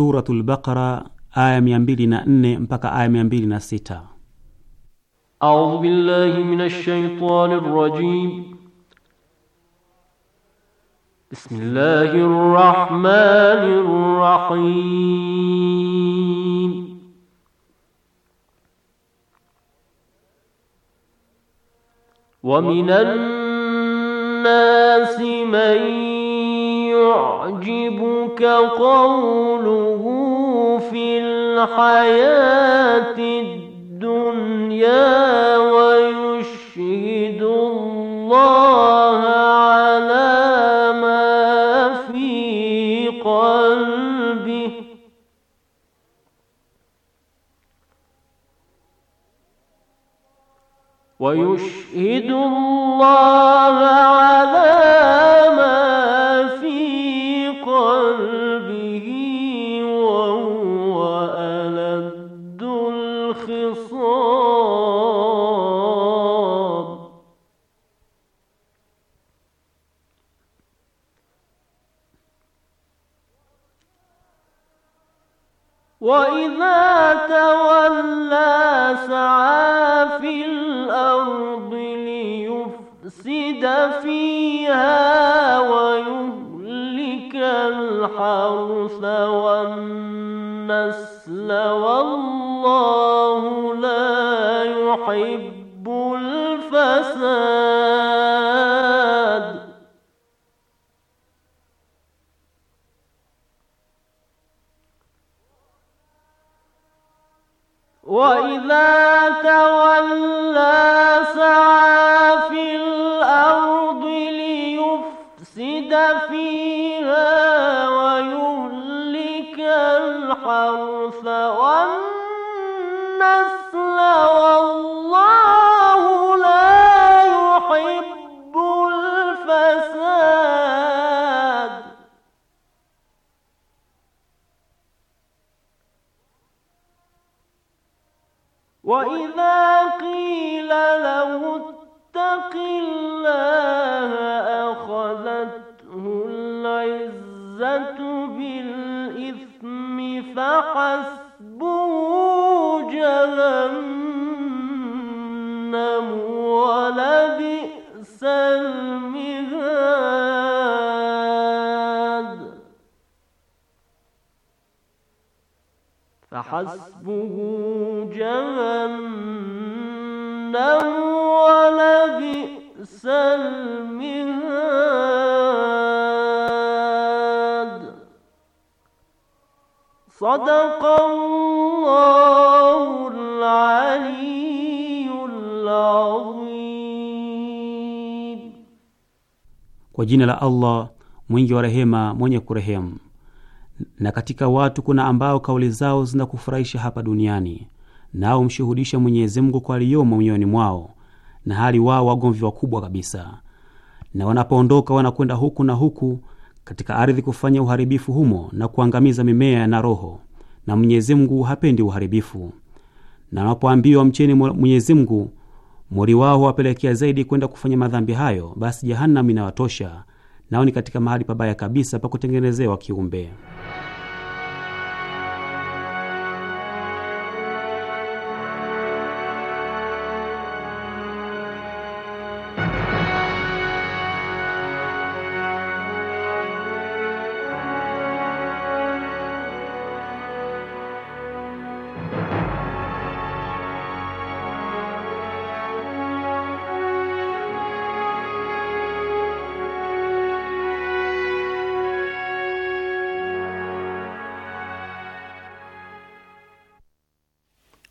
Suratul Baqara aya 204 mpaka aya 206. A'udhu billahi minash shaitanir rajim. Bismillahir rahmanir rahim. ومن الناس من يعجبك قوله في الحياة الدنيا ويشهد الله على ما في قلبه ويشهد الله فحسبه جهنم ولبئس المهاد Kwa jina la Allah mwingi wa rehema mwenye kurehemu. Na katika watu kuna ambao kauli zao zinakufurahisha hapa duniani, nao mshuhudisha Mwenyezi Mungu kwa aliyomo mioyoni mwao, na hali wao wagomvi wakubwa kabisa, na wanapoondoka wanakwenda huku na huku katika ardhi kufanya uharibifu humo na kuangamiza mimea na roho, na Mwenyezi Mungu hapendi uharibifu. Na wanapoambiwa mcheni Mwenyezi Mungu, mori wao huwapelekea zaidi kwenda kufanya madhambi hayo, basi jehanamu inawatosha, nao ni katika mahali pabaya kabisa pa kutengenezewa kiumbe.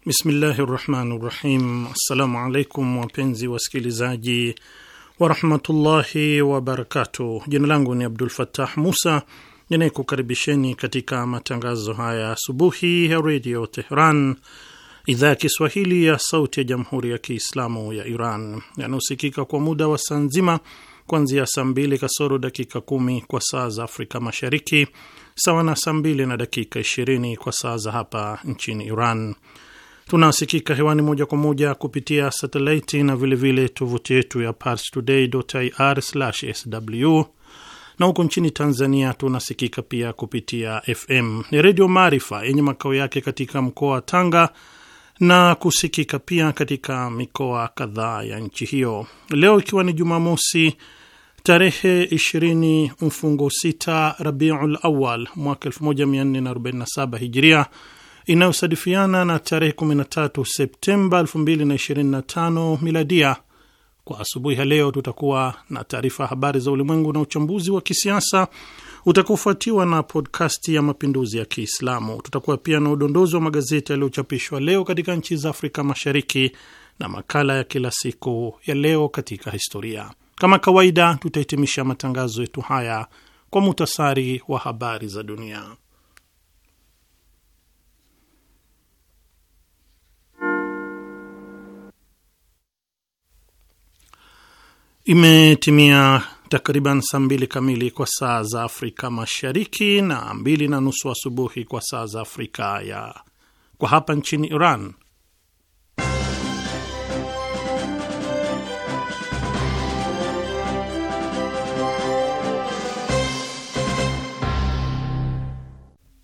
Bismillahi rahmani rahim. Assalamu alaikum wapenzi wasikilizaji warahmatullahi wabarakatuh. Jina langu ni Abdul Fattah Musa ninayekukaribisheni katika matangazo haya asubuhi ya Redio Tehran, idhaa ya Kiswahili ya sauti ya jamhuri ya Kiislamu ya Iran, yanayosikika kwa muda wa saa nzima kuanzia saa mbili kasoro dakika kumi kwa saa za Afrika Mashariki, sawa na saa mbili na dakika ishirini kwa saa za hapa nchini Iran. Tunasikika hewani moja kwa moja kupitia satelaiti na vilevile tovuti yetu ya parstoday.ir/sw, na huko nchini Tanzania tunasikika pia kupitia FM ni Redio Maarifa yenye makao yake katika mkoa wa Tanga na kusikika pia katika mikoa kadhaa ya nchi hiyo. Leo ikiwa ni Jumamosi tarehe 20 mfungo 6 Rabiul Awal mwaka 1447 Hijiria inayosadifiana na tarehe 13 Septemba 2025 miladia. Kwa asubuhi ya leo tutakuwa na taarifa ya habari za ulimwengu na uchambuzi wa kisiasa utakaofuatiwa na podkasti ya mapinduzi ya Kiislamu. Tutakuwa pia na udondozi wa magazeti yaliyochapishwa leo katika nchi za Afrika Mashariki na makala ya kila siku ya leo katika historia. Kama kawaida, tutahitimisha matangazo yetu haya kwa muhtasari wa habari za dunia. Imetimia takriban saa mbili kamili kwa saa za Afrika Mashariki na mbili na nusu asubuhi kwa saa za Afrika ya kwa hapa nchini Iran.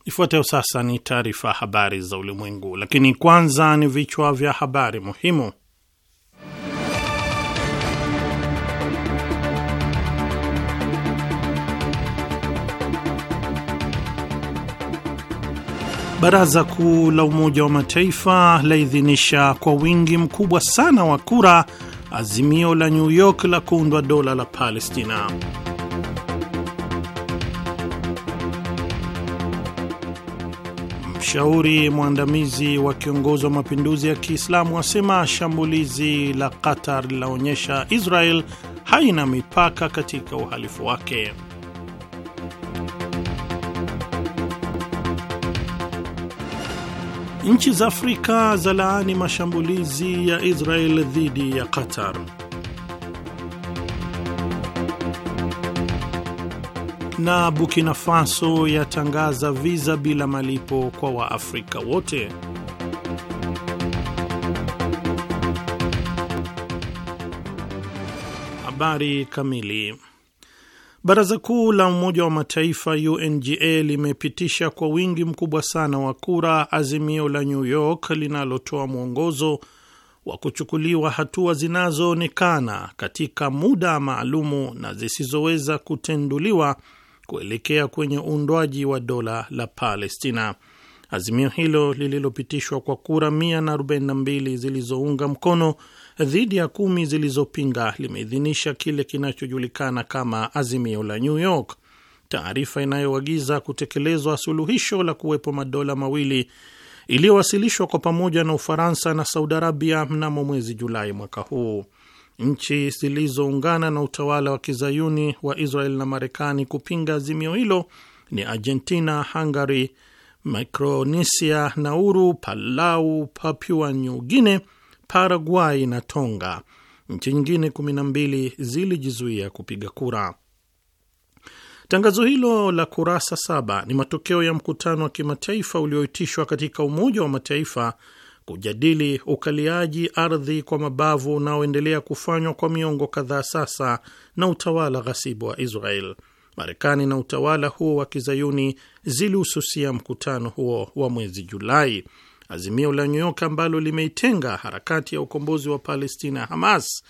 Ifuatayo sasa ni taarifa habari za ulimwengu, lakini kwanza ni vichwa vya habari muhimu. Baraza Kuu la Umoja wa Mataifa laidhinisha kwa wingi mkubwa sana wa kura azimio la New York la kuundwa dola la Palestina. Mshauri mwandamizi wa kiongozi wa mapinduzi ya Kiislamu asema shambulizi la Qatar linaonyesha Israel haina mipaka katika uhalifu wake. Nchi za Afrika zalaani mashambulizi ya Israel dhidi ya Qatar. Na Burkina Faso yatangaza viza bila malipo kwa Waafrika wote. Habari kamili. Baraza Kuu la Umoja wa Mataifa UNGA limepitisha kwa wingi mkubwa sana wa kura azimio la New York linalotoa mwongozo wa kuchukuliwa hatua zinazoonekana katika muda maalumu na zisizoweza kutenduliwa kuelekea kwenye uundwaji wa dola la Palestina. Azimio hilo lililopitishwa kwa kura 142 zilizounga mkono dhidi ya kumi zilizopinga limeidhinisha kile kinachojulikana kama azimio la New York, taarifa inayoagiza kutekelezwa suluhisho la kuwepo madola mawili iliyowasilishwa kwa pamoja na Ufaransa na Saudi Arabia mnamo mwezi Julai mwaka huu. Nchi zilizoungana na utawala wa kizayuni wa Israel na Marekani kupinga azimio hilo ni Argentina, Hungary, Micronesia, Nauru, Palau, Papua New Guinea, Paraguay na Tonga. Nchi nyingine 12 zilijizuia kupiga kura. Tangazo hilo la kurasa saba ni matokeo ya mkutano wa kimataifa ulioitishwa katika Umoja wa Mataifa kujadili ukaliaji ardhi kwa mabavu unaoendelea kufanywa kwa miongo kadhaa sasa na utawala ghasibu wa Israel. Marekani na utawala huo wa kizayuni zilihususia mkutano huo wa mwezi Julai. Azimio la New York ambalo limeitenga harakati ya ukombozi wa Palestina ya Hamas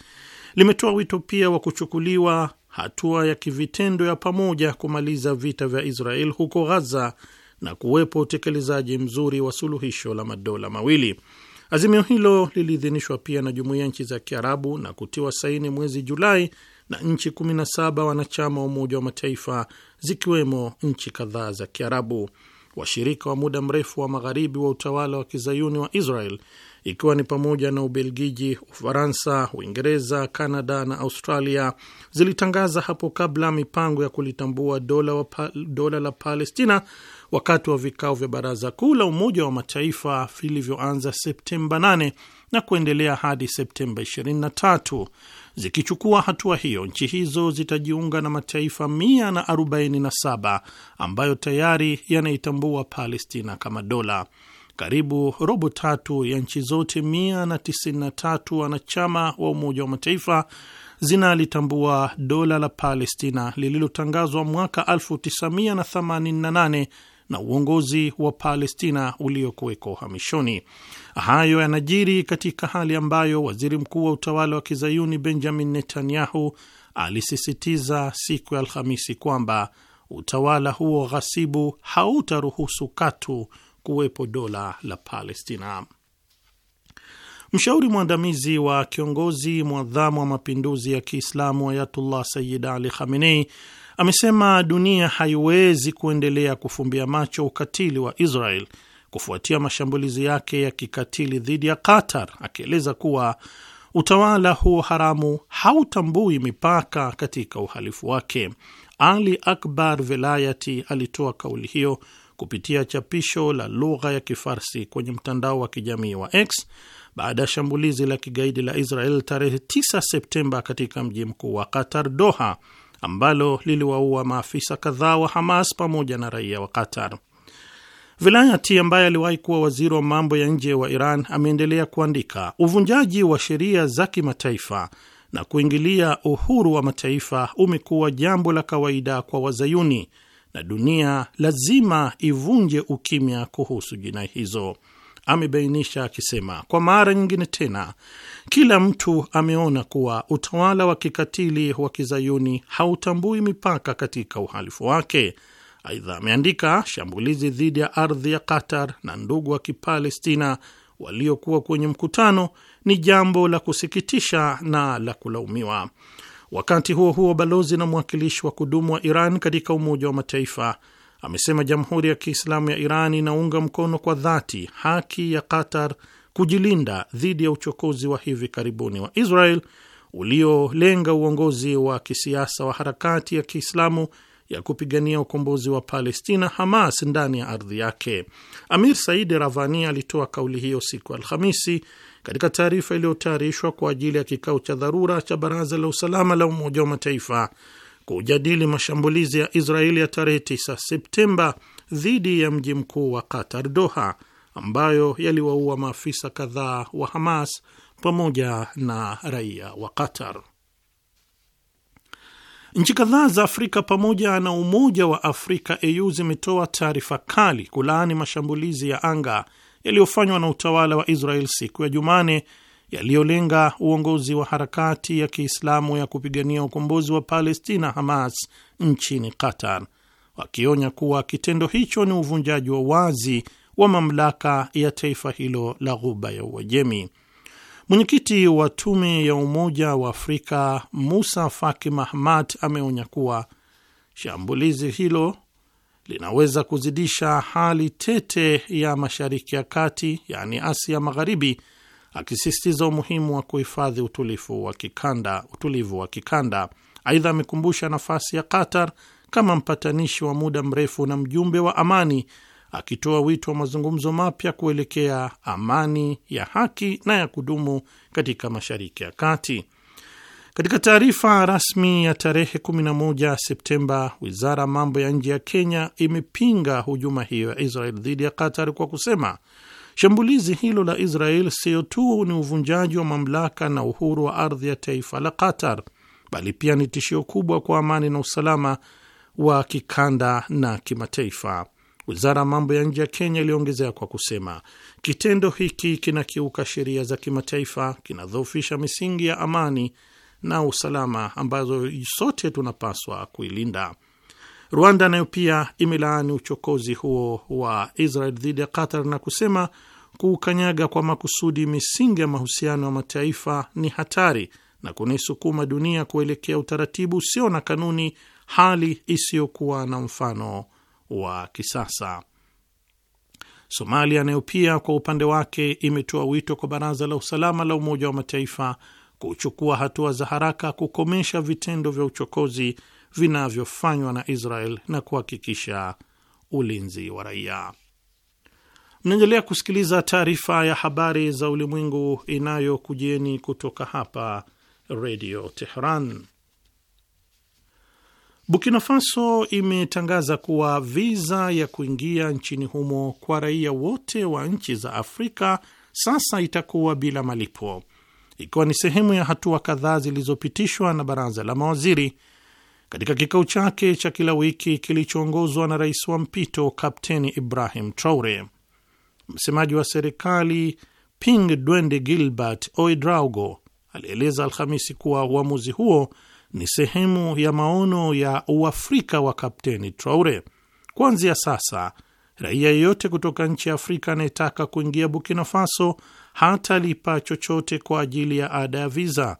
limetoa wito pia wa kuchukuliwa hatua ya kivitendo ya pamoja kumaliza vita vya Israel huko Ghaza na kuwepo utekelezaji mzuri wa suluhisho la madola mawili. Azimio hilo liliidhinishwa pia na jumuiya nchi za Kiarabu na kutiwa saini mwezi Julai na nchi 17 wanachama wa Umoja wa Mataifa zikiwemo nchi kadhaa za Kiarabu washirika wa muda mrefu wa magharibi wa utawala wa kizayuni wa Israel, ikiwa ni pamoja na Ubelgiji, Ufaransa, Uingereza, Kanada na Australia zilitangaza hapo kabla mipango ya kulitambua dola, wa pa, dola la Palestina wakati wa vikao vya Baraza Kuu la Umoja wa Mataifa vilivyoanza Septemba 8 na kuendelea hadi Septemba 23. Zikichukua hatua hiyo, nchi hizo zitajiunga na mataifa 147 ambayo tayari yanaitambua Palestina kama dola. Karibu robo tatu ya nchi zote 193 wanachama wa Umoja wa Mataifa zinalitambua dola la Palestina lililotangazwa mwaka 1988 na uongozi wa Palestina uliokuwekwa uhamishoni. Hayo yanajiri katika hali ambayo waziri mkuu wa utawala wa kizayuni Benjamin Netanyahu alisisitiza siku ya Alhamisi kwamba utawala huo ghasibu hautaruhusu katu kuwepo dola la Palestina. Mshauri mwandamizi wa kiongozi mwadhamu wa mapinduzi ya Kiislamu Ayatullah Sayyid Ali Khamenei amesema dunia haiwezi kuendelea kufumbia macho ukatili wa Israel kufuatia mashambulizi yake ya kikatili dhidi ya Qatar, akieleza kuwa utawala huo haramu hautambui mipaka katika uhalifu wake. Ali Akbar Velayati alitoa kauli hiyo kupitia chapisho la lugha ya Kifarsi kwenye mtandao wa kijamii wa X baada ya shambulizi la kigaidi la Israel tarehe 9 Septemba katika mji mkuu wa Qatar, Doha, ambalo liliwaua maafisa kadhaa wa Hamas pamoja na raia wa Qatar. Vilayati ambaye aliwahi kuwa waziri wa mambo ya nje wa Iran ameendelea kuandika, uvunjaji wa sheria za kimataifa na kuingilia uhuru wa mataifa umekuwa jambo la kawaida kwa Wazayuni na dunia lazima ivunje ukimya kuhusu jinai hizo amebainisha akisema, kwa mara nyingine tena kila mtu ameona kuwa utawala wa kikatili wa kizayuni hautambui mipaka katika uhalifu wake. Aidha ameandika, shambulizi dhidi ya ardhi ya Qatar na ndugu wa Kipalestina waliokuwa kwenye mkutano ni jambo la kusikitisha na la kulaumiwa. Wakati huo huo, balozi na mwakilishi wa kudumu wa Iran katika Umoja wa Mataifa amesema Jamhuri ya Kiislamu ya Iran inaunga mkono kwa dhati haki ya Qatar kujilinda dhidi ya uchokozi wa hivi karibuni wa Israel uliolenga uongozi wa kisiasa wa harakati ya Kiislamu ya kupigania ukombozi wa Palestina, Hamas, ndani ya ardhi yake. Amir Said Ravani alitoa kauli hiyo siku ya Alhamisi katika taarifa iliyotayarishwa kwa ajili ya kikao cha dharura cha Baraza la Usalama la Umoja wa Mataifa kujadili mashambulizi ya Israeli ya tarehe 9 Septemba dhidi ya mji mkuu wa Qatar, Doha, ambayo yaliwaua maafisa kadhaa wa Hamas pamoja na raia wa Qatar. Nchi kadhaa za Afrika pamoja na Umoja wa Afrika AU zimetoa taarifa kali kulaani mashambulizi ya anga yaliyofanywa na utawala wa Israel siku ya Jumane yaliyolenga uongozi wa harakati ya Kiislamu ya kupigania ukombozi wa Palestina, Hamas, nchini Qatar, wakionya kuwa kitendo hicho ni uvunjaji wa wazi wa mamlaka ya taifa hilo la Ghuba ya Uajemi. Mwenyekiti wa tume ya Umoja wa Afrika Musa Faki Mahamat ameonya kuwa shambulizi hilo linaweza kuzidisha hali tete ya Mashariki ya Kati, yaani Asia Magharibi, akisisitiza umuhimu wa kuhifadhi utulivu wa kikanda utulivu wa kikanda. Aidha, amekumbusha nafasi ya Qatar kama mpatanishi wa muda mrefu na mjumbe wa amani, akitoa wito wa mazungumzo mapya kuelekea amani ya haki na ya kudumu katika Mashariki ya Kati. Katika taarifa rasmi ya tarehe 11 Septemba, wizara ya mambo ya nje ya Kenya imepinga hujuma hiyo ya Israel dhidi ya Qatar kwa kusema Shambulizi hilo la Israel sio tu ni uvunjaji wa mamlaka na uhuru wa ardhi ya taifa la Qatar, bali pia ni tishio kubwa kwa amani na usalama wa kikanda na kimataifa. Wizara ya mambo ya nje ya Kenya iliongezea kwa kusema, kitendo hiki kinakiuka sheria za kimataifa, kinadhoofisha misingi ya amani na usalama ambazo sote tunapaswa kuilinda. Rwanda nayo pia imelaani uchokozi huo wa Israel dhidi ya Qatar na kusema kuukanyaga kwa makusudi misingi ya mahusiano ya mataifa ni hatari na kunaisukuma dunia kuelekea utaratibu usio na kanuni, hali isiyokuwa na mfano wa kisasa. Somalia nayo pia kwa upande wake imetoa wito kwa Baraza la Usalama la Umoja wa Mataifa kuchukua hatua za haraka kukomesha vitendo vya uchokozi vinavyofanywa na Israel na kuhakikisha ulinzi wa raia. Mnaendelea kusikiliza taarifa ya habari za ulimwengu inayokujieni kutoka hapa Redio Teheran. Burkina Faso imetangaza kuwa viza ya kuingia nchini humo kwa raia wote wa nchi za Afrika sasa itakuwa bila malipo, ikiwa ni sehemu ya hatua kadhaa zilizopitishwa na baraza la mawaziri katika kikao chake cha kila wiki kilichoongozwa na rais wa mpito Kapteni Ibrahim Traore. Msemaji wa serikali Ping Dwende Gilbert oidraugo alieleza Alhamisi kuwa uamuzi huo ni sehemu ya maono ya Uafrika wa Kapteni Traore. Kuanzia sasa, raia yeyote kutoka nchi ya Afrika anayetaka kuingia Burkina Faso hatalipa chochote kwa ajili ya ada ya viza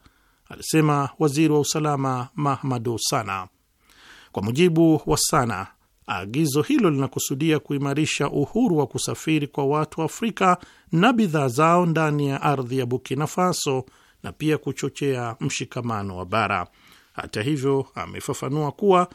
alisema waziri wa usalama Mahmadu Sana. Kwa mujibu wa Sana, agizo hilo linakusudia kuimarisha uhuru wa kusafiri kwa watu wa Afrika na bidhaa zao ndani ya ardhi ya Burkina Faso na pia kuchochea mshikamano wa bara. Hata hivyo, amefafanua kuwa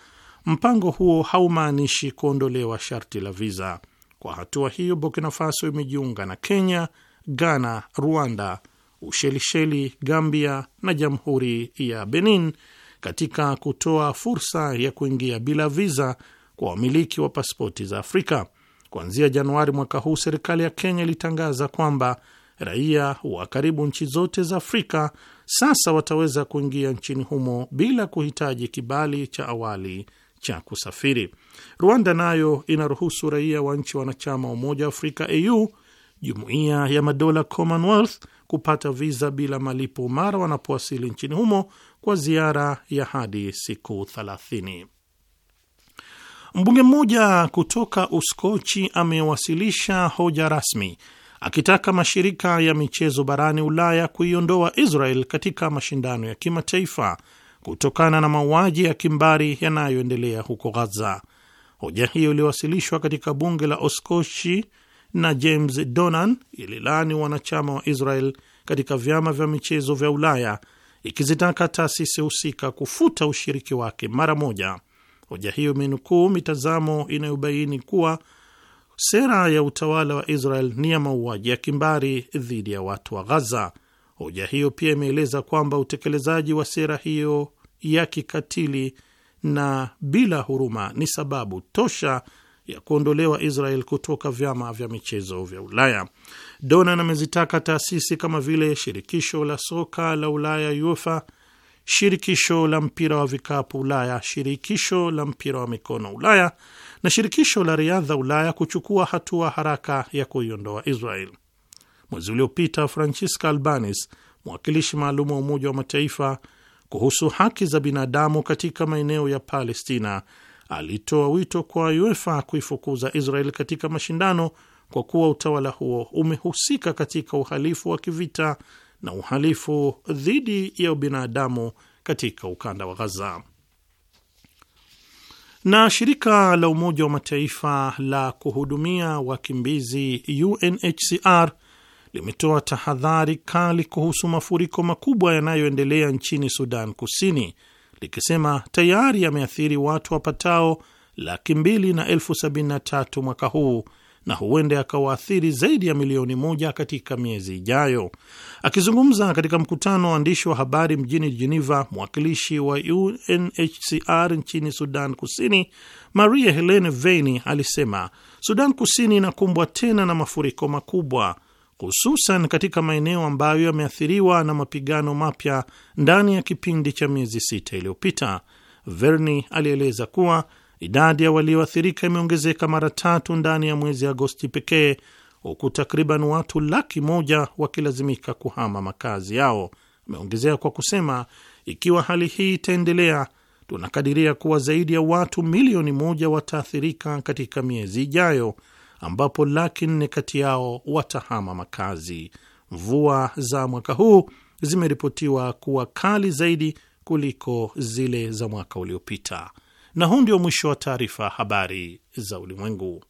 mpango huo haumaanishi kuondolewa sharti la viza. Kwa hatua hiyo, Burkina Faso imejiunga na Kenya, Ghana, Rwanda, Ushelisheli, Gambia na Jamhuri ya Benin katika kutoa fursa ya kuingia bila viza kwa wamiliki wa pasipoti za Afrika. Kuanzia Januari mwaka huu, serikali ya Kenya ilitangaza kwamba raia wa karibu nchi zote za Afrika sasa wataweza kuingia nchini humo bila kuhitaji kibali cha awali cha kusafiri. Rwanda nayo inaruhusu raia wa nchi wanachama wa Umoja wa Afrika, AU, Jumuiya ya Madola, Commonwealth kupata viza bila malipo mara wanapowasili nchini humo kwa ziara ya hadi siku 30. Mbunge mmoja kutoka Uskochi amewasilisha hoja rasmi akitaka mashirika ya michezo barani Ulaya kuiondoa Israel katika mashindano ya kimataifa kutokana na mauaji ya kimbari yanayoendelea huko Gaza. Hoja hiyo iliyowasilishwa katika bunge la Uskochi na James Donan ililaani wanachama wa Israel katika vyama vya michezo vya Ulaya ikizitaka taasisi husika kufuta ushiriki wake mara moja. Hoja hiyo imenukuu mitazamo inayobaini kuwa sera ya utawala wa Israel ni ya mauaji ya kimbari dhidi ya watu wa Ghaza. Hoja hiyo pia imeeleza kwamba utekelezaji wa sera hiyo ya kikatili na bila huruma ni sababu tosha ya kuondolewa Israel kutoka vyama vya michezo vya Ulaya. Donan amezitaka taasisi kama vile shirikisho la soka la Ulaya UEFA, shirikisho la mpira wa vikapu Ulaya, shirikisho la mpira wa mikono Ulaya na shirikisho la riadha Ulaya kuchukua hatua haraka ya kuiondoa Israel. Mwezi uliopita, Francisca Albanese, mwakilishi maalum wa Umoja wa Mataifa kuhusu haki za binadamu katika maeneo ya Palestina, alitoa wito kwa UEFA kuifukuza Israel katika mashindano kwa kuwa utawala huo umehusika katika uhalifu wa kivita na uhalifu dhidi ya ubinadamu katika ukanda wa Gaza. Na shirika la Umoja wa Mataifa la kuhudumia wakimbizi UNHCR limetoa tahadhari kali kuhusu mafuriko makubwa yanayoendelea nchini Sudan Kusini likisema tayari yameathiri watu wapatao laki mbili na elfu sabini na tatu mwaka huu na huenda yakawaathiri zaidi ya milioni moja katika miezi ijayo. Akizungumza katika mkutano wa waandishi wa habari mjini Geneva, mwakilishi wa UNHCR nchini Sudan Kusini, Maria Helene Veini alisema Sudan Kusini inakumbwa tena na mafuriko makubwa hususan katika maeneo ambayo yameathiriwa na mapigano mapya ndani ya kipindi cha miezi sita iliyopita. Verni alieleza kuwa idadi ya walioathirika imeongezeka mara tatu ndani ya mwezi Agosti pekee, huku takriban watu laki moja wakilazimika kuhama makazi yao. Ameongezea kwa kusema, ikiwa hali hii itaendelea, tunakadiria kuwa zaidi ya watu milioni moja wataathirika katika miezi ijayo ambapo laki nne kati yao watahama makazi. Mvua za mwaka huu zimeripotiwa kuwa kali zaidi kuliko zile za mwaka uliopita. Na huu ndio mwisho wa taarifa habari za ulimwengu.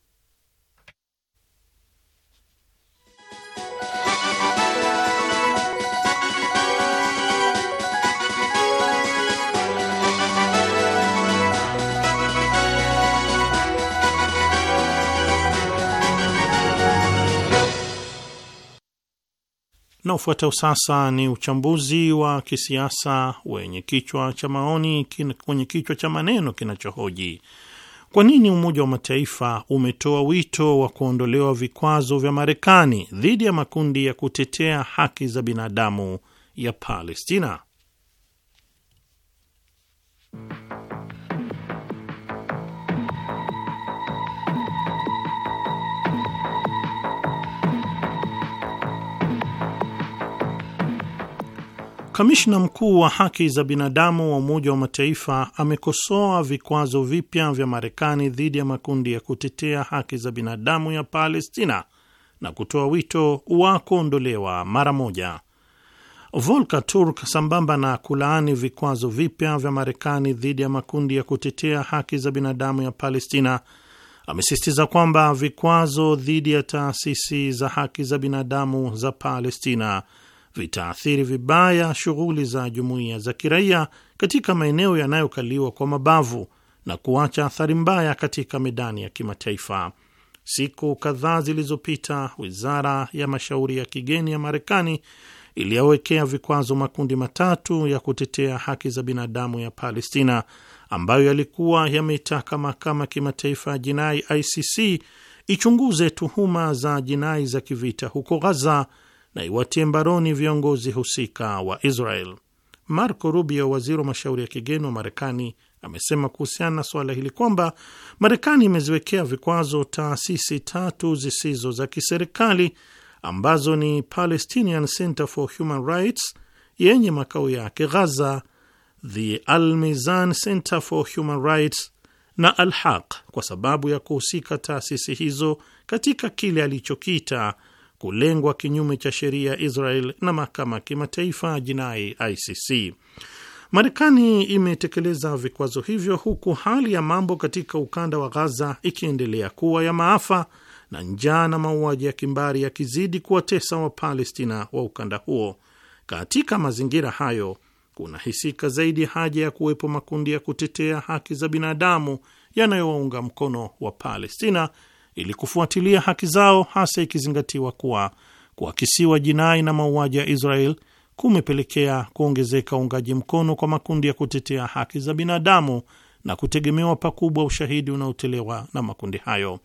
Unaofuata sasa ni uchambuzi wa kisiasa wenye kichwa cha maoni kwenye kichwa cha maneno kinachohoji kwa nini Umoja wa Mataifa umetoa wito wa kuondolewa vikwazo vya Marekani dhidi ya makundi ya kutetea haki za binadamu ya Palestina. Kamishna mkuu wa haki za binadamu wa Umoja wa Mataifa amekosoa vikwazo vipya vya Marekani dhidi ya makundi ya kutetea haki za binadamu ya Palestina na kutoa wito wa kuondolewa mara moja. Volker Turk, sambamba na kulaani vikwazo vipya vya Marekani dhidi ya makundi ya kutetea haki za binadamu ya Palestina, amesisitiza kwamba vikwazo dhidi ya taasisi za haki za binadamu za Palestina vitaathiri vibaya shughuli za jumuiya za kiraia katika maeneo yanayokaliwa kwa mabavu na kuacha athari mbaya katika medani ya kimataifa. Siku kadhaa zilizopita, wizara ya mashauri ya kigeni ya Marekani iliyowekea vikwazo makundi matatu ya kutetea haki za binadamu ya Palestina ambayo yalikuwa yameitaka mahakama ya kimataifa ya jinai ICC ichunguze tuhuma za jinai za kivita huko Ghaza na iwatie mbaroni viongozi husika wa Israel. Marco Rubio, waziri wa mashauri ya kigeni wa Marekani, amesema kuhusiana na suala hili kwamba Marekani imeziwekea vikwazo taasisi tatu zisizo za kiserikali ambazo ni Palestinian Center for Human Rights yenye makao yake Ghaza, the Almizan Center for Human Rights na alhaq kwa sababu ya kuhusika taasisi hizo katika kile alichokiita kulengwa kinyume cha sheria ya Israel na mahakama ya kimataifa ya jinai ICC. Marekani imetekeleza vikwazo hivyo huku hali ya mambo katika ukanda wa Ghaza ikiendelea kuwa ya maafa na njaa na mauaji ya kimbari yakizidi kuwatesa Wapalestina wa ukanda huo. Katika mazingira hayo, kunahisika zaidi haja ya kuwepo makundi ya kutetea haki za binadamu yanayowaunga mkono wa Palestina ili kufuatilia haki zao, hasa ikizingatiwa kuwa kuakisiwa jinai na mauaji ya Israel kumepelekea kuongezeka uungaji mkono kwa makundi ya kutetea haki za binadamu na kutegemewa pakubwa ushahidi unaotolewa na makundi hayo.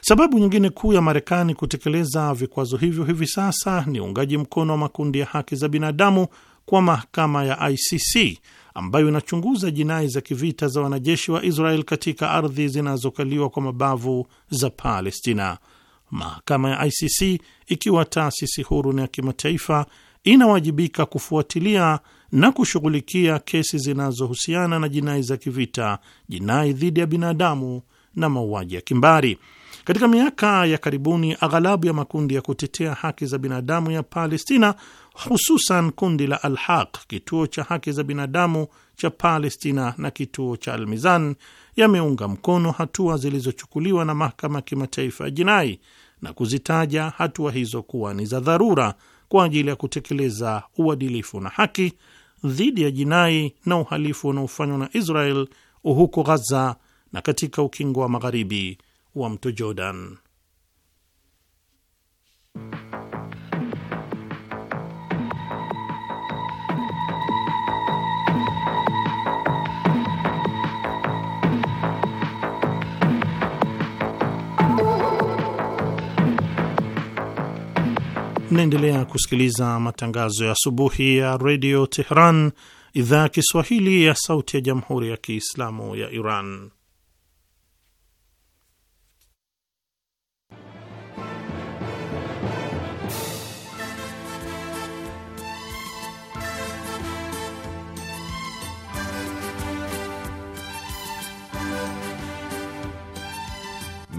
Sababu nyingine kuu ya Marekani kutekeleza vikwazo hivyo hivi sasa ni uungaji mkono wa makundi ya haki za binadamu kwa mahakama ya ICC ambayo inachunguza jinai za kivita za wanajeshi wa Israel katika ardhi zinazokaliwa kwa mabavu za Palestina. Mahakama ya ICC ikiwa taasisi huru na ya kimataifa inawajibika kufuatilia na kushughulikia kesi zinazohusiana na jinai za kivita, jinai dhidi ya binadamu na mauaji ya kimbari. Katika miaka ya karibuni, aghalabu ya makundi ya kutetea haki za binadamu ya Palestina, hususan kundi la alhaq kituo cha haki za binadamu cha Palestina na kituo cha almizan yameunga mkono hatua zilizochukuliwa na mahakama ya kimataifa ya jinai na kuzitaja hatua hizo kuwa ni za dharura kwa ajili ya kutekeleza uadilifu na haki dhidi ya jinai na uhalifu unaofanywa na Israel huko Ghaza na katika ukingo wa Magharibi wa mto Jordan. naendelea kusikiliza matangazo ya asubuhi ya redio Tehran, idhaa ya Kiswahili ya sauti ya jamhuri ya kiislamu ya Iran.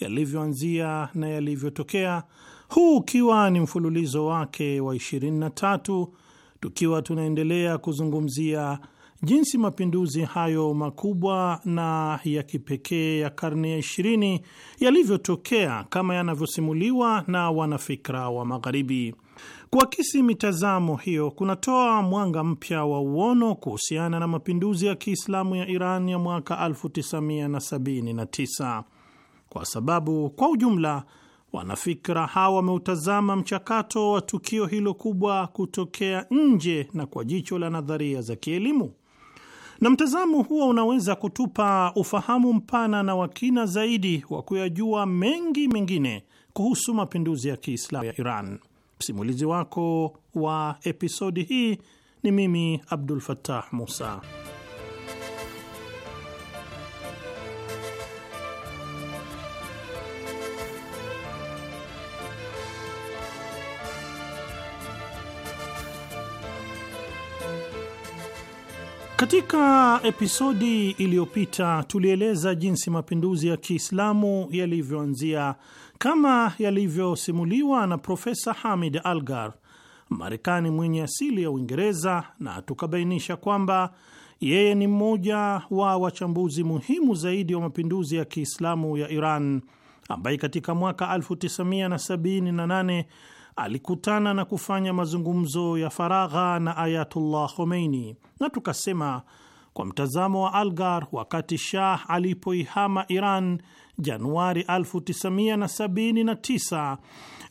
yalivyoanzia na yalivyotokea, huu ukiwa ni mfululizo wake wa 23 tukiwa tunaendelea kuzungumzia jinsi mapinduzi hayo makubwa na ya kipekee ya karne ya 20 yalivyotokea kama yanavyosimuliwa na wanafikra wa Magharibi. Kuakisi mitazamo hiyo kunatoa mwanga mpya wa uono kuhusiana na mapinduzi ya Kiislamu ya Iran ya mwaka 1979 kwa sababu kwa ujumla wanafikra hawa wameutazama mchakato wa tukio hilo kubwa kutokea nje na kwa jicho la nadharia za kielimu, na mtazamo huo unaweza kutupa ufahamu mpana na wakina zaidi wa kuyajua mengi mengine kuhusu mapinduzi ya Kiislamu ya Iran. Msimulizi wako wa episodi hii ni mimi Abdul Fattah Musa. Katika episodi iliyopita tulieleza jinsi mapinduzi ya Kiislamu yalivyoanzia kama yalivyosimuliwa na Profesa Hamid Algar, Marekani mwenye asili ya Uingereza, na tukabainisha kwamba yeye ni mmoja wa wachambuzi muhimu zaidi wa mapinduzi ya Kiislamu ya Iran ambaye katika mwaka 1978 alikutana na kufanya mazungumzo ya faragha na Ayatullah Khomeini, na tukasema kwa mtazamo wa Algar, wakati Shah alipoihama Iran Januari 1979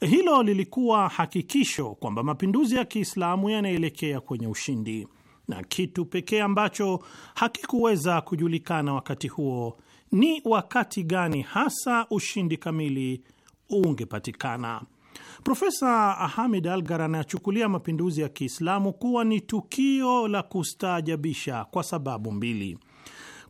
hilo lilikuwa hakikisho kwamba mapinduzi ya Kiislamu yanaelekea kwenye ushindi, na kitu pekee ambacho hakikuweza kujulikana wakati huo ni wakati gani hasa ushindi kamili ungepatikana. Profesa Hamid Algar anachukulia mapinduzi ya Kiislamu kuwa ni tukio la kustaajabisha kwa sababu mbili.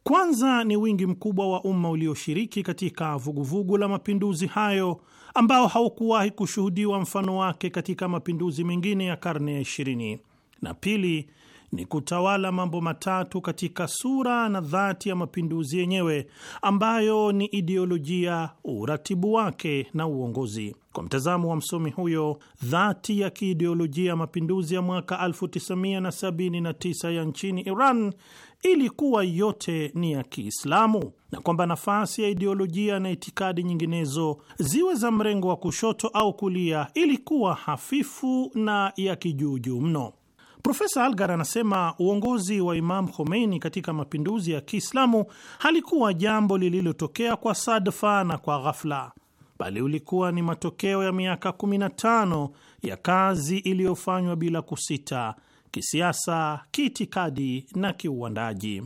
Kwanza ni wingi mkubwa wa umma ulioshiriki katika vuguvugu la mapinduzi hayo ambao haukuwahi kushuhudiwa mfano wake katika mapinduzi mengine ya karne ya ishirini, na pili ni kutawala mambo matatu katika sura na dhati ya mapinduzi yenyewe ambayo ni ideolojia, uratibu wake na uongozi. Kwa mtazamo wa msomi huyo, dhati ya kiideolojia mapinduzi ya mwaka 1979 ya nchini Iran ilikuwa yote ni ya Kiislamu na kwamba nafasi ya ideolojia na itikadi nyinginezo ziwe za mrengo wa kushoto au kulia ilikuwa hafifu na ya kijuujuu mno. Profesa Algar anasema uongozi wa Imam Khomeini katika mapinduzi ya Kiislamu halikuwa jambo lililotokea kwa sadfa na kwa ghafla, bali ulikuwa ni matokeo ya miaka 15 ya kazi iliyofanywa bila kusita, kisiasa, kiitikadi na kiuandaji.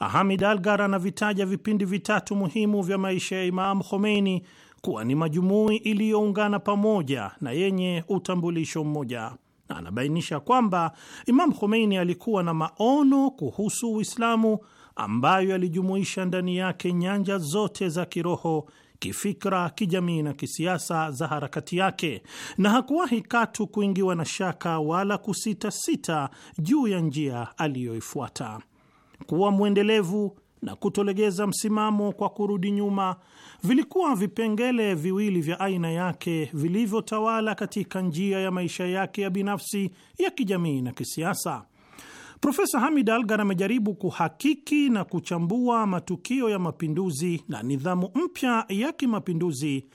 Hamid Algar anavitaja vipindi vitatu muhimu vya maisha ya Imam Khomeini kuwa ni majumui iliyoungana pamoja na yenye utambulisho mmoja na anabainisha kwamba Imam Khomeini alikuwa na maono kuhusu Uislamu ambayo yalijumuisha ndani yake nyanja zote za kiroho, kifikra, kijamii na kisiasa za harakati yake, na hakuwahi katu kuingiwa na shaka wala kusitasita juu ya njia aliyoifuata. Kuwa mwendelevu na kutolegeza msimamo kwa kurudi nyuma vilikuwa vipengele viwili vya aina yake vilivyotawala katika njia ya maisha yake ya binafsi ya kijamii na kisiasa. Profesa Hamid Algar amejaribu kuhakiki na kuchambua matukio ya mapinduzi na nidhamu mpya ya kimapinduzi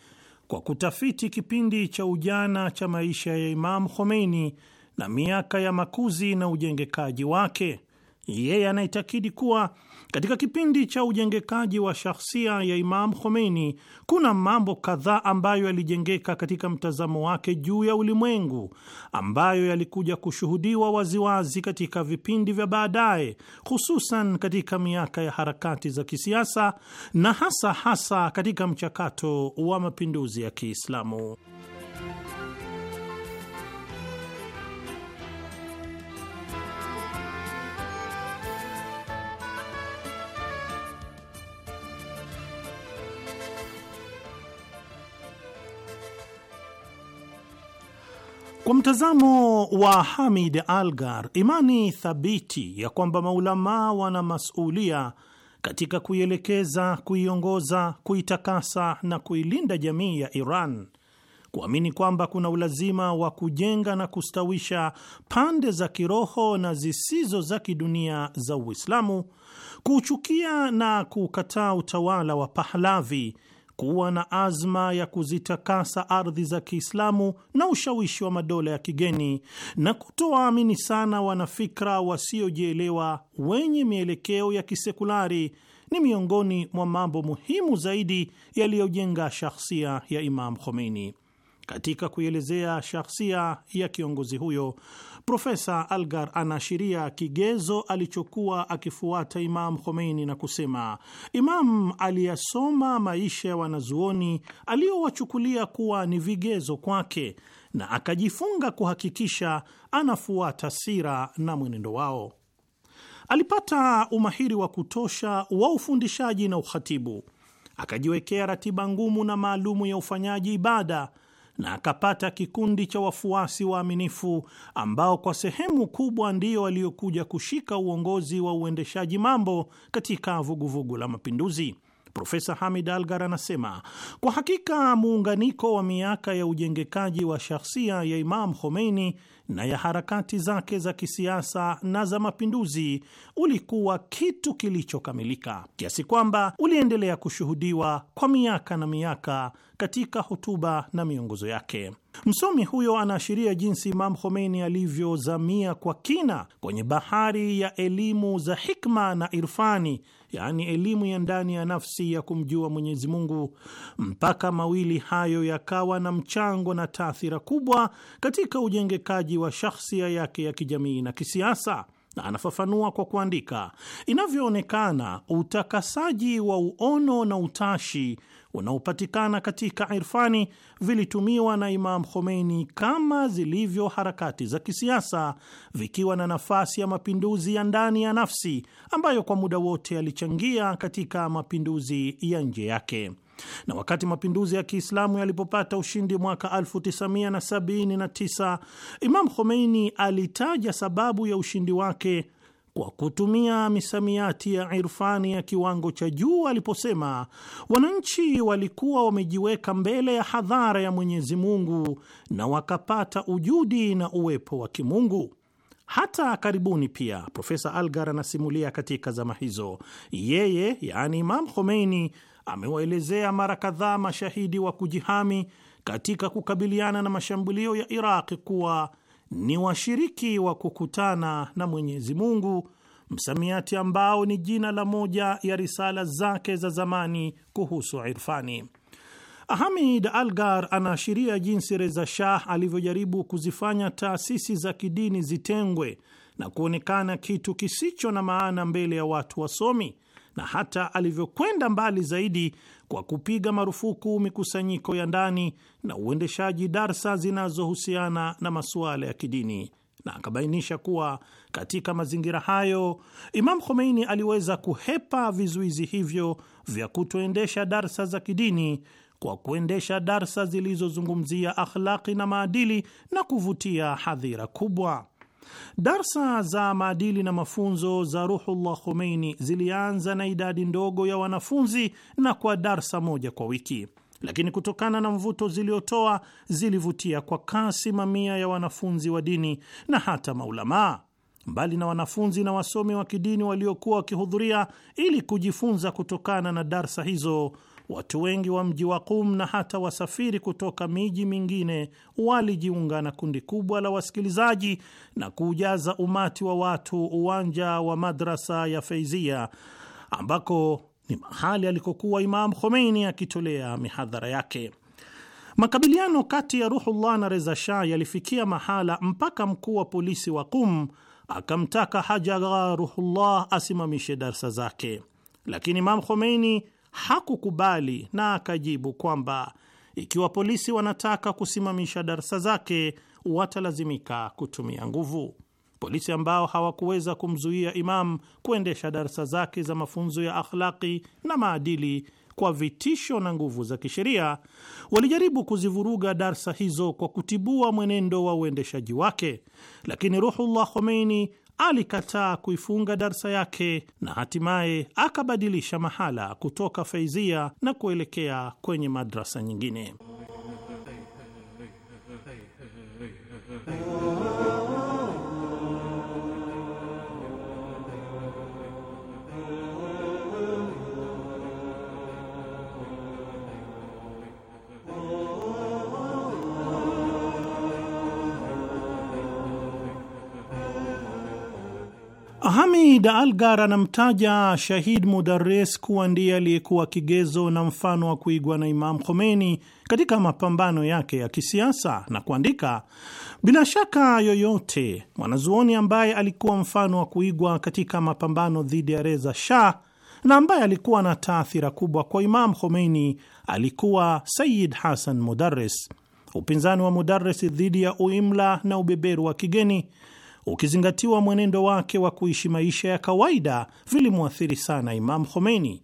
kwa kutafiti kipindi cha ujana cha maisha ya Imam Khomeini na miaka ya makuzi na ujengekaji wake. Yeye anaitakidi kuwa katika kipindi cha ujengekaji wa shahsia ya Imam Khomeini kuna mambo kadhaa ambayo yalijengeka katika mtazamo wake juu ya ulimwengu ambayo yalikuja kushuhudiwa waziwazi katika vipindi vya baadaye, hususan katika miaka ya harakati za kisiasa na hasa hasa katika mchakato wa mapinduzi ya Kiislamu. Kwa mtazamo wa Hamid Algar, imani thabiti ya kwamba maulamaa wana masulia katika kuielekeza, kuiongoza, kuitakasa na kuilinda jamii ya Iran, kuamini kwamba kuna ulazima wa kujenga na kustawisha pande za kiroho na zisizo za kidunia za Uislamu, kuuchukia na kukataa utawala wa Pahlavi kuwa na azma ya kuzitakasa ardhi za Kiislamu na ushawishi wa madola ya kigeni na kutowaamini sana wanafikra wasiojielewa wenye mielekeo ya kisekulari ni miongoni mwa mambo muhimu zaidi yaliyojenga shahsia ya Imam Khomeini. Katika kuielezea shahsia ya kiongozi huyo Profesa Algar anaashiria kigezo alichokuwa akifuata Imam Khomeini na kusema Imam aliyasoma maisha ya wanazuoni aliyowachukulia kuwa ni vigezo kwake na akajifunga kuhakikisha anafuata sira na mwenendo wao. Alipata umahiri wa kutosha wa ufundishaji na ukhatibu, akajiwekea ratiba ngumu na maalumu ya ufanyaji ibada na akapata kikundi cha wafuasi waaminifu ambao kwa sehemu kubwa ndiyo waliokuja kushika uongozi wa uendeshaji mambo katika vuguvugu vugu la mapinduzi. Profesa Hamid Algar anasema kwa hakika muunganiko wa miaka ya ujengekaji wa shahsia ya Imam Khomeini na ya harakati zake za kisiasa na za mapinduzi ulikuwa kitu kilichokamilika kiasi kwamba uliendelea kushuhudiwa kwa miaka na miaka katika hotuba na miongozo yake. Msomi huyo anaashiria jinsi Imam Khomeini alivyozamia kwa kina kwenye bahari ya elimu za hikma na irfani yaani elimu ya ndani ya nafsi ya kumjua Mwenyezi Mungu, mpaka mawili hayo yakawa na mchango na taathira kubwa katika ujengekaji wa shakhsia yake ya kijamii na kisiasa. Na anafafanua kwa kuandika, inavyoonekana utakasaji wa uono na utashi unaopatikana katika irfani vilitumiwa na Imam Khomeini kama zilivyo harakati za kisiasa, vikiwa na nafasi ya mapinduzi ya ndani ya nafsi ambayo kwa muda wote alichangia katika mapinduzi ya nje yake na wakati mapinduzi ya Kiislamu yalipopata ushindi mwaka 1979 Imam Khomeini alitaja sababu ya ushindi wake kwa kutumia misamiati ya irfani ya kiwango cha juu aliposema, wananchi walikuwa wamejiweka mbele ya hadhara ya Mwenyezi Mungu na wakapata ujudi na uwepo wa kimungu. Hata karibuni pia Profesa Algar anasimulia katika zama hizo, yeye yaani Imam Khomeini amewaelezea mara kadhaa mashahidi wa kujihami katika kukabiliana na mashambulio ya Iraqi kuwa ni washiriki wa kukutana na Mwenyezi Mungu, msamiati ambao ni jina la moja ya risala zake za zamani kuhusu irfani. Hamid Algar anaashiria jinsi Reza Shah alivyojaribu kuzifanya taasisi za kidini zitengwe na kuonekana kitu kisicho na maana mbele ya watu wasomi na hata alivyokwenda mbali zaidi kwa kupiga marufuku mikusanyiko ya ndani na uendeshaji darsa zinazohusiana na masuala ya kidini, na akabainisha kuwa katika mazingira hayo Imam Khomeini aliweza kuhepa vizuizi hivyo vya kutoendesha darsa za kidini kwa kuendesha darsa zilizozungumzia akhlaki na maadili na kuvutia hadhira kubwa. Darsa za maadili na mafunzo za Ruhullah Khomeini zilianza na idadi ndogo ya wanafunzi na kwa darsa moja kwa wiki, lakini kutokana na mvuto ziliotoa zilivutia kwa kasi mamia ya wanafunzi wa dini na hata maulamaa. Mbali na wanafunzi na wasomi wa kidini waliokuwa wakihudhuria ili kujifunza kutokana na darsa hizo, watu wengi wa mji wa Qum na hata wasafiri kutoka miji mingine walijiunga na kundi kubwa la wasikilizaji na kuujaza umati wa watu uwanja wa madrasa ya Feizia ambako ni mahali alikokuwa Imam Khomeini akitolea mihadhara yake. Makabiliano kati ya Ruhullah na Reza Shah yalifikia mahala mpaka mkuu wa polisi wa Qum akamtaka Haja Agha Ruhullah asimamishe darsa zake, lakini Imam Khomeini hakukubali na akajibu kwamba ikiwa polisi wanataka kusimamisha darsa zake watalazimika kutumia nguvu. Polisi ambao hawakuweza kumzuia Imam kuendesha darsa zake za mafunzo ya akhlaki na maadili kwa vitisho na nguvu za kisheria, walijaribu kuzivuruga darsa hizo kwa kutibua mwenendo wa uendeshaji wake, lakini Ruhullah Khomeini alikataa kuifunga darsa yake na hatimaye akabadilisha mahala kutoka Faizia na kuelekea kwenye madrasa nyingine. Hamid Algar anamtaja Shahid Mudares kuwa ndiye aliyekuwa kigezo na mfano wa kuigwa na Imam Khomeini katika mapambano yake ya kisiasa na kuandika, bila shaka yoyote mwanazuoni ambaye alikuwa mfano wa kuigwa katika mapambano dhidi ya Reza Shah na ambaye alikuwa na taathira kubwa kwa Imam Khomeini alikuwa Sayid Hasan Mudares. Upinzani wa Mudares dhidi ya uimla na ubeberu wa kigeni ukizingatiwa mwenendo wake wa kuishi maisha ya kawaida, vilimwathiri sana Imam Khomeini.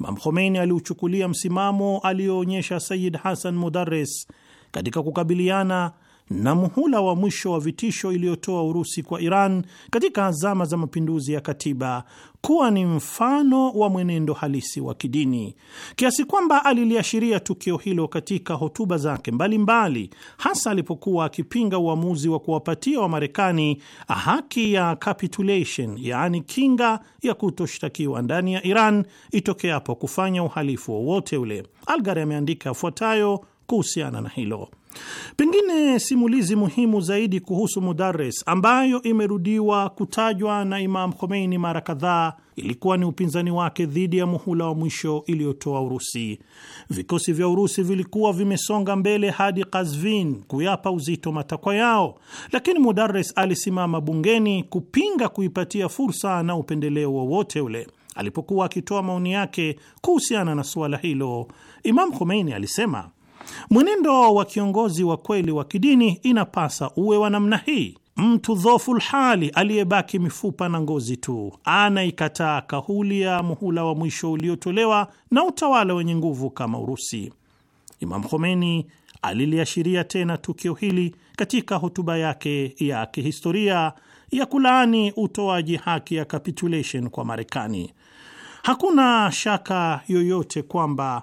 Imam Khomeini aliuchukulia msimamo aliyoonyesha Sayid Hasan Mudares katika kukabiliana na muhula wa mwisho wa vitisho iliyotoa Urusi kwa Iran katika azama za mapinduzi ya katiba kuwa ni mfano wa mwenendo halisi wa kidini, kiasi kwamba aliliashiria tukio hilo katika hotuba zake mbalimbali, hasa alipokuwa akipinga uamuzi wa kuwapatia Wamarekani haki ya capitulation, yaani kinga ya kutoshtakiwa ndani ya Iran itokeapo kufanya uhalifu wowote ule. Algari ameandika yafuatayo kuhusiana na hilo. Pengine simulizi muhimu zaidi kuhusu Mudares ambayo imerudiwa kutajwa na Imam Khomeini mara kadhaa ilikuwa ni upinzani wake dhidi ya muhula wa mwisho iliyotoa Urusi. Vikosi vya Urusi vilikuwa vimesonga mbele hadi Kazvin kuyapa uzito matakwa yao, lakini Mudares alisimama bungeni kupinga kuipatia fursa na upendeleo wowote ule. Alipokuwa akitoa maoni yake kuhusiana na suala hilo, Imam Khomeini alisema: Mwenendo wa kiongozi wa kweli wa kidini inapasa uwe wa namna hii. Mtu dhoful hali aliyebaki mifupa na ngozi tu anaikataa kahuli ya muhula wa mwisho uliotolewa na utawala wenye nguvu kama Urusi. Imam Khomeini aliliashiria tena tukio hili katika hotuba yake ya kihistoria ya kulaani utoaji haki ya capitulation kwa Marekani. Hakuna shaka yoyote kwamba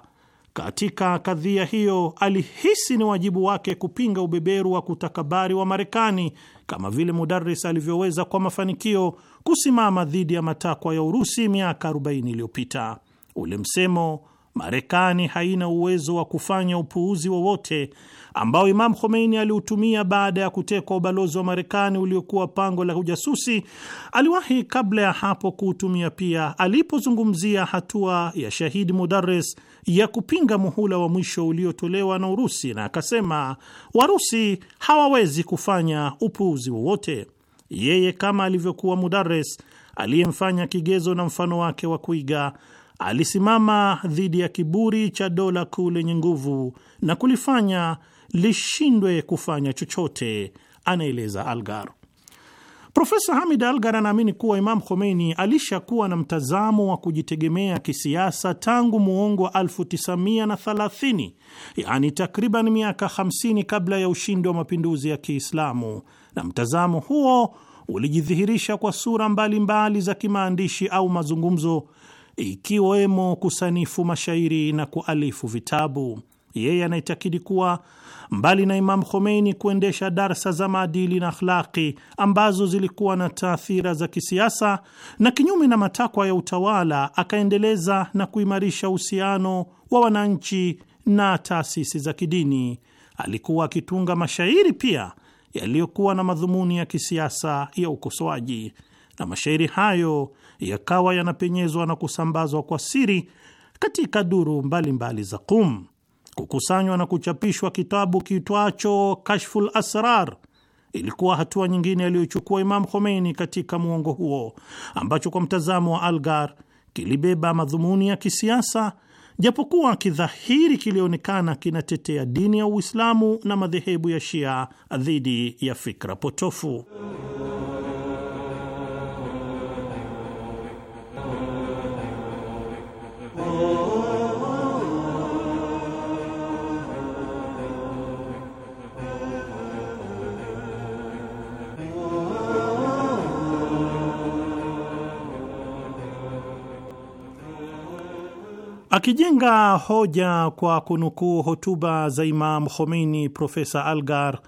katika kadhia hiyo, alihisi ni wajibu wake kupinga ubeberu wa kutakabari wa Marekani, kama vile Mudaris alivyoweza kwa mafanikio kusimama dhidi ya matakwa ya Urusi miaka 40 iliyopita. Ule msemo Marekani haina uwezo wa kufanya upuuzi wowote ambao Imam Khomeini aliutumia baada ya kutekwa ubalozi wa Marekani uliokuwa pango la ujasusi, aliwahi kabla ya hapo kuutumia pia alipozungumzia hatua ya Shahidi Mudares ya kupinga muhula wa mwisho uliotolewa na Urusi, na akasema Warusi hawawezi kufanya upuuzi wowote. Yeye kama alivyokuwa Mudares aliyemfanya kigezo na mfano wake wa kuiga alisimama dhidi ya kiburi cha dola kuu lenye nguvu na kulifanya lishindwe kufanya chochote, anaeleza Algar. Profesa Hamid Algar anaamini kuwa Imam Khomeini alishakuwa na mtazamo wa kujitegemea kisiasa tangu muongo wa 1930 yaani takriban miaka 50 kabla ya ushindi wa mapinduzi ya Kiislamu, na mtazamo huo ulijidhihirisha kwa sura mbalimbali mbali za kimaandishi au mazungumzo, ikiwemo kusanifu mashairi na kualifu vitabu. Yeye anaitakidi kuwa mbali na Imam Khomeini kuendesha darsa za maadili na akhlaki ambazo zilikuwa na taathira za kisiasa na kinyume na matakwa ya utawala, akaendeleza na kuimarisha uhusiano wa wananchi na taasisi za kidini. Alikuwa akitunga mashairi pia yaliyokuwa na madhumuni ya kisiasa ya ukosoaji, na mashairi hayo yakawa yanapenyezwa na kusambazwa kwa siri katika duru mbalimbali mbali za Qum. Kukusanywa na kuchapishwa kitabu kiitwacho Kashful Asrar ilikuwa hatua nyingine aliyochukua Imam Khomeini katika muongo huo, ambacho kwa mtazamo wa Algar kilibeba madhumuni ya kisiasa, japokuwa kidhahiri kilionekana kinatetea dini ya Uislamu na madhehebu ya Shia dhidi ya fikra potofu. Akijenga hoja kwa kunukuu hotuba za Imam Khomeini, Profesa Algar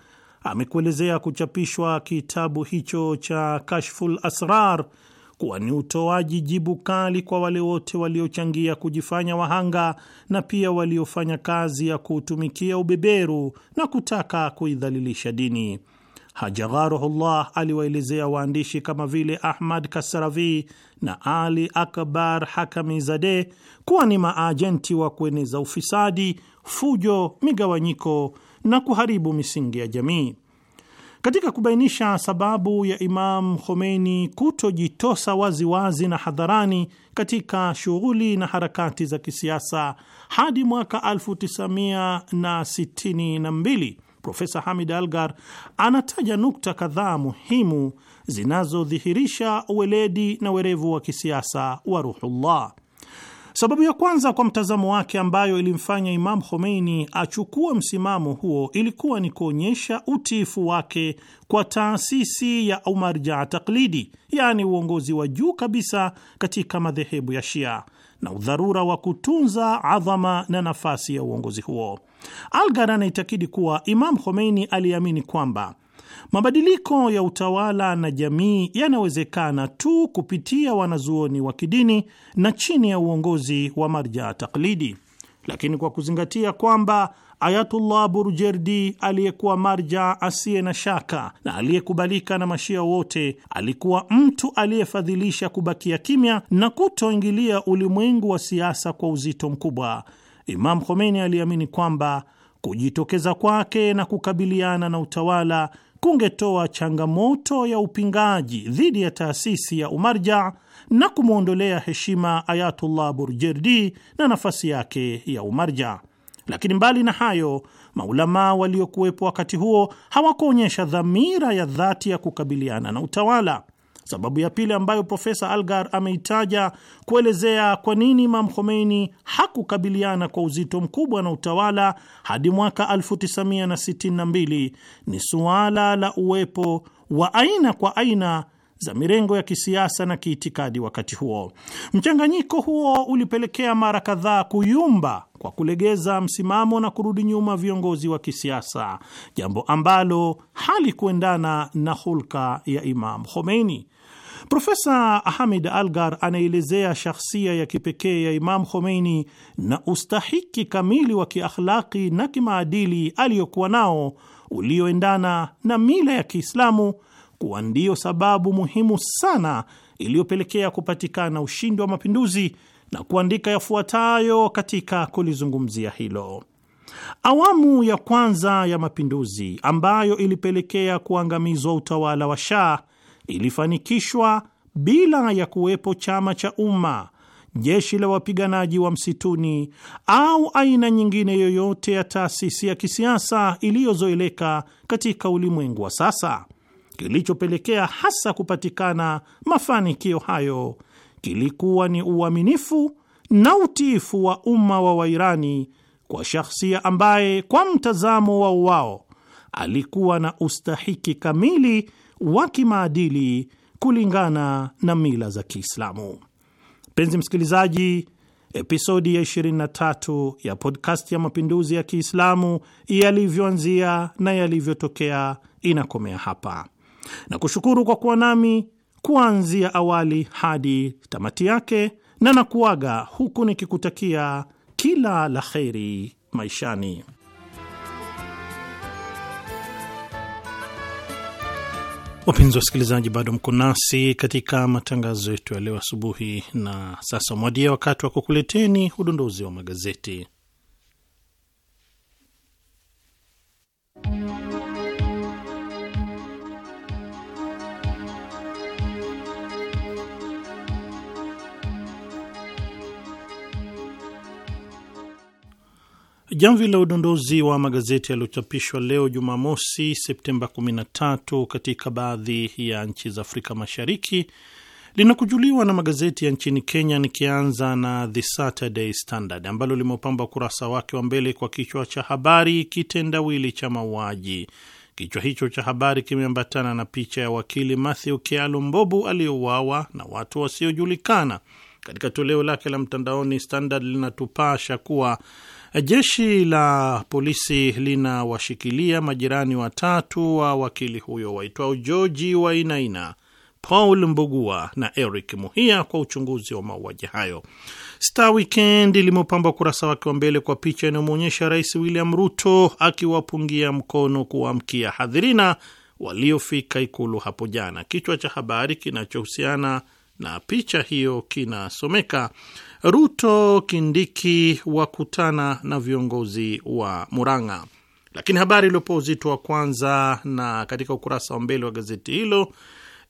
amekuelezea kuchapishwa kitabu hicho cha Kashful Asrar kuwa ni utoaji jibu kali kwa wale wote waliochangia kujifanya wahanga na pia waliofanya kazi ya kuutumikia ubeberu na kutaka kuidhalilisha dini hajagharuhullah aliwaelezea waandishi kama vile Ahmad Kasaravi na Ali Akbar hakami zade kuwa ni maajenti wa kueneza ufisadi, fujo, migawanyiko na kuharibu misingi ya jamii. Katika kubainisha sababu ya Imam Khomeini kutojitosa waziwazi na hadharani katika shughuli na harakati za kisiasa hadi mwaka 1962 Profesa Hamid Algar anataja nukta kadhaa muhimu zinazodhihirisha uweledi na werevu wa kisiasa wa Ruhullah. Sababu ya kwanza kwa mtazamo wake ambayo ilimfanya Imam Khomeini achukua msimamo huo ilikuwa ni kuonyesha utiifu wake kwa taasisi ya umarjaa taklidi, yaani uongozi wa juu kabisa katika madhehebu ya Shia na udharura wa kutunza adhama na nafasi ya uongozi huo. Algar anaitakidi kuwa Imam Khomeini aliamini kwamba mabadiliko ya utawala na jamii yanawezekana tu kupitia wanazuoni wa kidini na chini ya uongozi wa marja taklidi, lakini kwa kuzingatia kwamba Ayatullah Burjerdi aliyekuwa marja asiye na shaka na aliyekubalika na mashia wote alikuwa mtu aliyefadhilisha kubakia kimya na kutoingilia ulimwengu wa siasa kwa uzito mkubwa. Imam Khomeini aliamini kwamba kujitokeza kwake na kukabiliana na utawala kungetoa changamoto ya upingaji dhidi ya taasisi ya Umarja na kumwondolea heshima Ayatullah Burjerdi na nafasi yake ya Umarja. Lakini mbali na hayo, maulamaa waliokuwepo wakati huo hawakuonyesha dhamira ya dhati ya kukabiliana na utawala. Sababu ya pili ambayo Profesa Algar ameitaja kuelezea kwa nini Imam Khomeini hakukabiliana kwa uzito mkubwa na utawala hadi mwaka 1962 ni suala la uwepo wa aina kwa aina za mirengo ya kisiasa na kiitikadi wakati huo. Mchanganyiko huo ulipelekea mara kadhaa kuyumba kwa kulegeza msimamo na kurudi nyuma viongozi wa kisiasa, jambo ambalo halikuendana na hulka ya Imam Khomeini. Profesa Hamid Algar anaelezea shakhsia ya kipekee ya Imam Khomeini na ustahiki kamili wa kiakhlaki na kimaadili aliyokuwa nao ulioendana na mila ya Kiislamu kuwa ndiyo sababu muhimu sana iliyopelekea kupatikana ushindi wa mapinduzi na kuandika yafuatayo katika kulizungumzia hilo. Awamu ya kwanza ya mapinduzi ambayo ilipelekea kuangamizwa utawala wa Shah ilifanikishwa bila ya kuwepo chama cha umma, jeshi la wapiganaji wa msituni au aina nyingine yoyote ya taasisi ya kisiasa iliyozoeleka katika ulimwengu wa sasa. Kilichopelekea hasa kupatikana mafanikio hayo kilikuwa ni uaminifu na utiifu wa umma wa Wairani kwa shahsia ambaye kwa mtazamo wao wao alikuwa na ustahiki kamili wa kimaadili kulingana na mila za Kiislamu. Mpenzi msikilizaji, episodi ya 23 ya podcast ya mapinduzi ya Kiislamu yalivyoanzia na yalivyotokea inakomea hapa, na kushukuru kwa kuwa nami kuanzia awali hadi tamati yake, na nakuaga huku nikikutakia kila la kheri maishani. Wapenzi wa wasikilizaji, bado mko nasi katika matangazo yetu ya leo asubuhi, na sasa mwadia wakati wa kukuleteni udondozi wa magazeti. Jamvi la udondozi wa magazeti yaliyochapishwa leo Jumamosi, Septemba 13 katika baadhi ya nchi za Afrika Mashariki linakujuliwa na magazeti ya nchini Kenya, nikianza na The Saturday Standard ambalo limeupamba ukurasa wake wa mbele kwa kichwa cha habari kitendawili cha mauaji. Kichwa hicho cha habari kimeambatana na picha ya wakili Mathew Kialo Mbobu aliyouawa na watu wasiojulikana. Katika toleo lake la mtandaoni, Standard linatupasha kuwa Jeshi la polisi linawashikilia majirani watatu wa wakili huyo waitwao Georgi Wainaina, Paul Mbugua na Eric Muhia kwa uchunguzi wa mauaji hayo. Star Weekend limepamba ukurasa wake wa mbele kwa picha inayomwonyesha Rais William Ruto akiwapungia mkono kuwaamkia hadhirina waliofika ikulu hapo jana. Kichwa cha habari kinachohusiana na picha hiyo kinasomeka Ruto Kindiki wakutana na viongozi wa Murang'a. Lakini habari iliyopewa uzito wa kwanza na katika ukurasa wa mbele wa gazeti hilo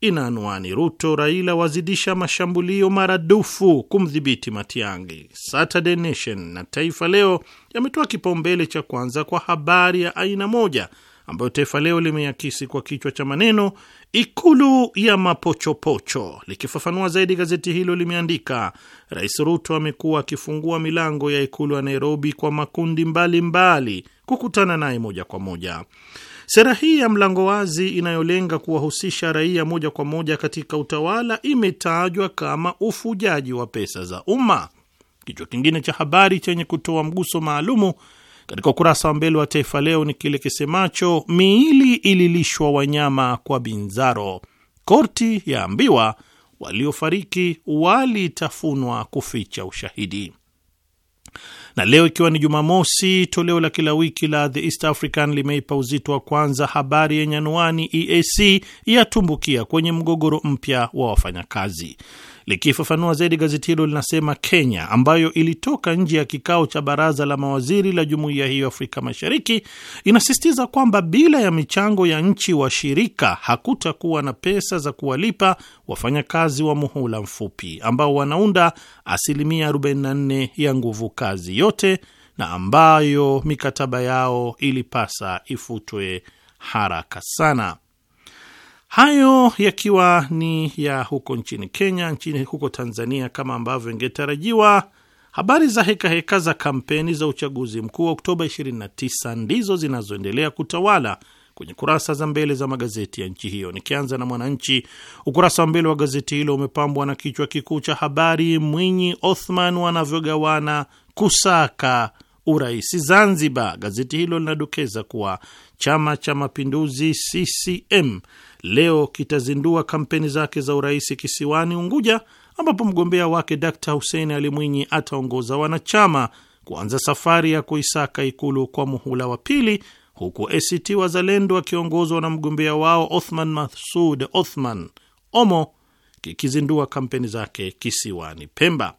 ina anwani Ruto Raila wazidisha mashambulio maradufu kumdhibiti Matiang'i. Saturday Nation na Taifa Leo yametoa kipaumbele cha kwanza kwa habari ya aina moja ambayo Taifa Leo limeakisi kwa kichwa cha maneno ikulu ya mapochopocho. Likifafanua zaidi, gazeti hilo limeandika, Rais Ruto amekuwa akifungua milango ya ikulu ya Nairobi kwa makundi mbalimbali mbali kukutana naye moja kwa moja. Sera hii ya mlango wazi inayolenga kuwahusisha raia moja kwa moja katika utawala imetajwa kama ufujaji wa pesa za umma. Kichwa kingine cha habari chenye kutoa mguso maalumu katika ukurasa wa mbele wa Taifa Leo ni kile kisemacho miili ililishwa wanyama kwa binzaro, korti yaambiwa waliofariki walitafunwa kuficha ushahidi. Na leo ikiwa ni Jumamosi, toleo la kila wiki la The East African limeipa uzito wa kwanza habari yenye anwani EAC yatumbukia kwenye mgogoro mpya wa wafanyakazi. Likifafanua zaidi gazeti hilo linasema Kenya, ambayo ilitoka nje ya kikao cha baraza la mawaziri la jumuiya hiyo Afrika Mashariki, inasisitiza kwamba bila ya michango ya nchi washirika hakutakuwa na pesa za kuwalipa wafanyakazi wa muhula mfupi ambao wanaunda asilimia 44 ya nguvu kazi yote na ambayo mikataba yao ilipasa ifutwe haraka sana. Hayo yakiwa ni ya huko nchini Kenya. Nchini huko Tanzania, kama ambavyo ingetarajiwa, habari za heka heka za kampeni za uchaguzi mkuu wa Oktoba 29 ndizo zinazoendelea kutawala kwenye kurasa za mbele za magazeti ya nchi hiyo. Nikianza na Mwananchi, ukurasa wa mbele wa gazeti hilo umepambwa na kichwa kikuu cha habari, Mwinyi Othman wanavyogawana kusaka urais Zanzibar. Gazeti hilo linadokeza kuwa Chama cha Mapinduzi CCM leo kitazindua kampeni zake za urais kisiwani Unguja, ambapo mgombea wake Dkt Hussein Ali Mwinyi ataongoza wanachama kuanza safari ya kuisaka Ikulu kwa muhula wa pili, huku ACT Wazalendo akiongozwa na mgombea wao Othman masud Othman Omo kikizindua kampeni zake kisiwani Pemba.